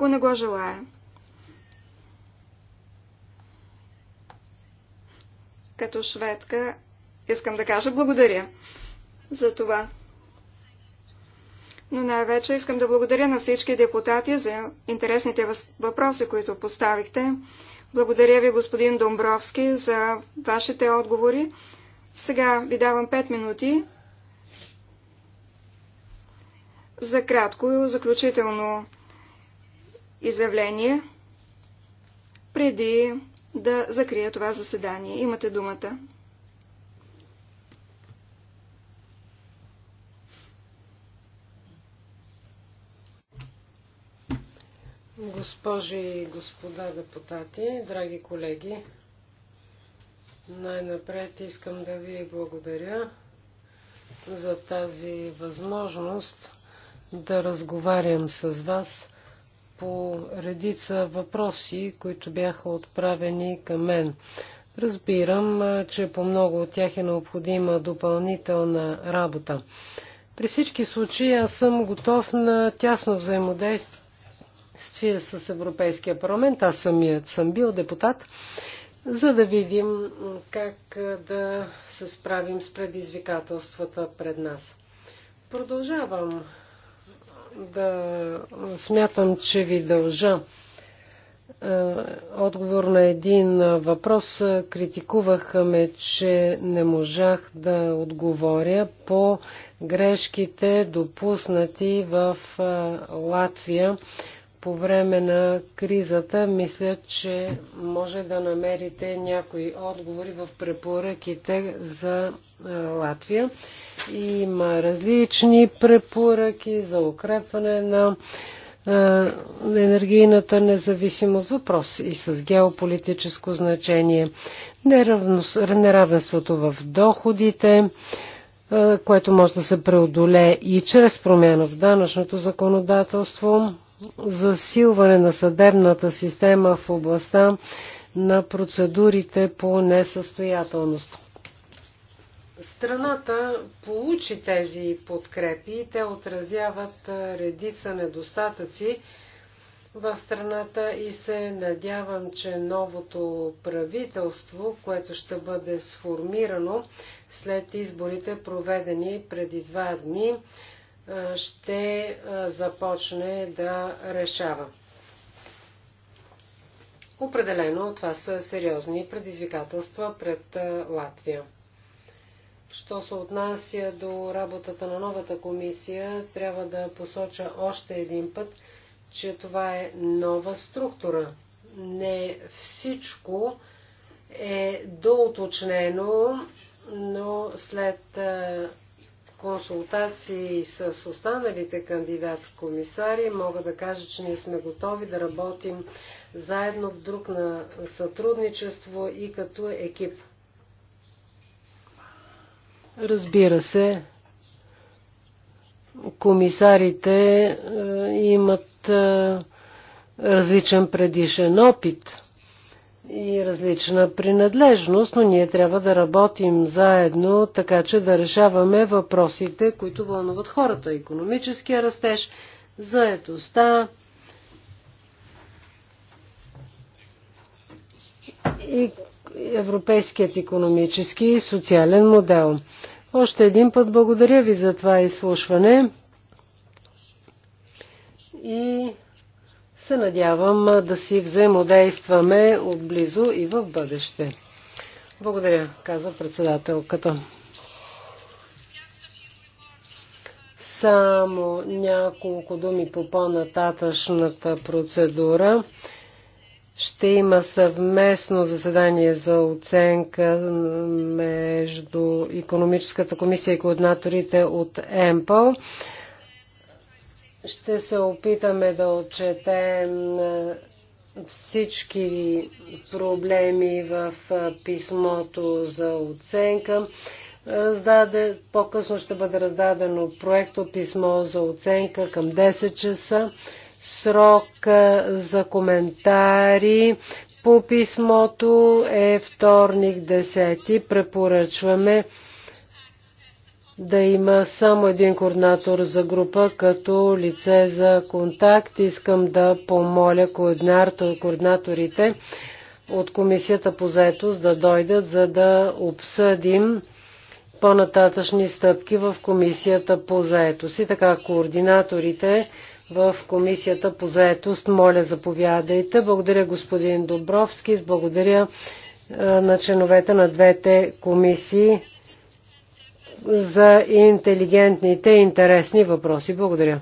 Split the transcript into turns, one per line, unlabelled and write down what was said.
ако не го желая. Като шведка искам да кажа благодаря за това. Но най-вече искам да благодаря на всички депутати за интересните въпроси, които поставихте. Благодаря ви, господин Домбровски, за вашите отговори. Сега ви давам 5 минути за кратко и заключително изявление преди да закрия това заседание. Имате думата. Госпожи и господа депутати, драги колеги, най-напред искам да ви благодаря за тази възможност да разговарям с вас по редица въпроси, които бяха отправени към мен. Разбирам, че по много от тях е необходима допълнителна работа. При всички случаи аз съм готов на тясно взаимодействие с Европейския парламент. Аз самият съм бил депутат, за да видим как да се справим с предизвикателствата пред нас. Продължавам да смятам, че ви дължа отговор на един въпрос. Критикуваха ме, че не можах да отговоря по грешките допуснати в Латвия по време на кризата, мисля, че може да намерите някои отговори в препоръките за Латвия. Има различни препоръки за укрепване на енергийната независимост, въпрос и с геополитическо значение, неравенството в доходите, което може да се преодолее и чрез промяна в данъчното законодателство, засилване на съдебната система в областта на процедурите по несъстоятелност. Страната получи тези подкрепи и те отразяват редица недостатъци в страната и се надявам, че новото правителство, което ще бъде сформирано след изборите, проведени преди два дни, ще започне да решава. Определено това са сериозни предизвикателства пред Латвия. Що се отнася до работата на новата комисия, трябва да посоча още един път, че това е нова структура. Не всичко е доуточнено, но след консултации с останалите кандидат-комисари, мога да кажа, че ние сме готови да работим заедно в друг на сътрудничество и като екип. Разбира се, комисарите е, имат е, различен предишен опит и различна принадлежност, но ние трябва да работим заедно, така че да решаваме въпросите, които вълнуват хората. Економическия растеж, заедостта, и европейският економически и социален модел. Още един път благодаря ви за това изслушване и се надявам да си взаимодействаме отблизо и в бъдеще. Благодаря, казва председателката. Само няколко думи по по-нататъчната процедура. Ще има съвместно заседание за оценка между економическата комисия и координаторите от ЕМПО. Ще се опитаме да отчетем всички проблеми в писмото за оценка. Раздаде, по-късно ще бъде раздадено проекто писмо за оценка към 10 часа. Срок за коментари по писмото е вторник 10. Препоръчваме да има само един координатор за група като лице за контакт. Искам да помоля координаторите от Комисията по заетост да дойдат, за да обсъдим по-нататъчни стъпки в Комисията по заетост. И така, координаторите в Комисията по заетост, моля заповядайте. Благодаря господин Добровски, благодаря на членовете на двете комисии за интелигентните и интересни въпроси. Благодаря.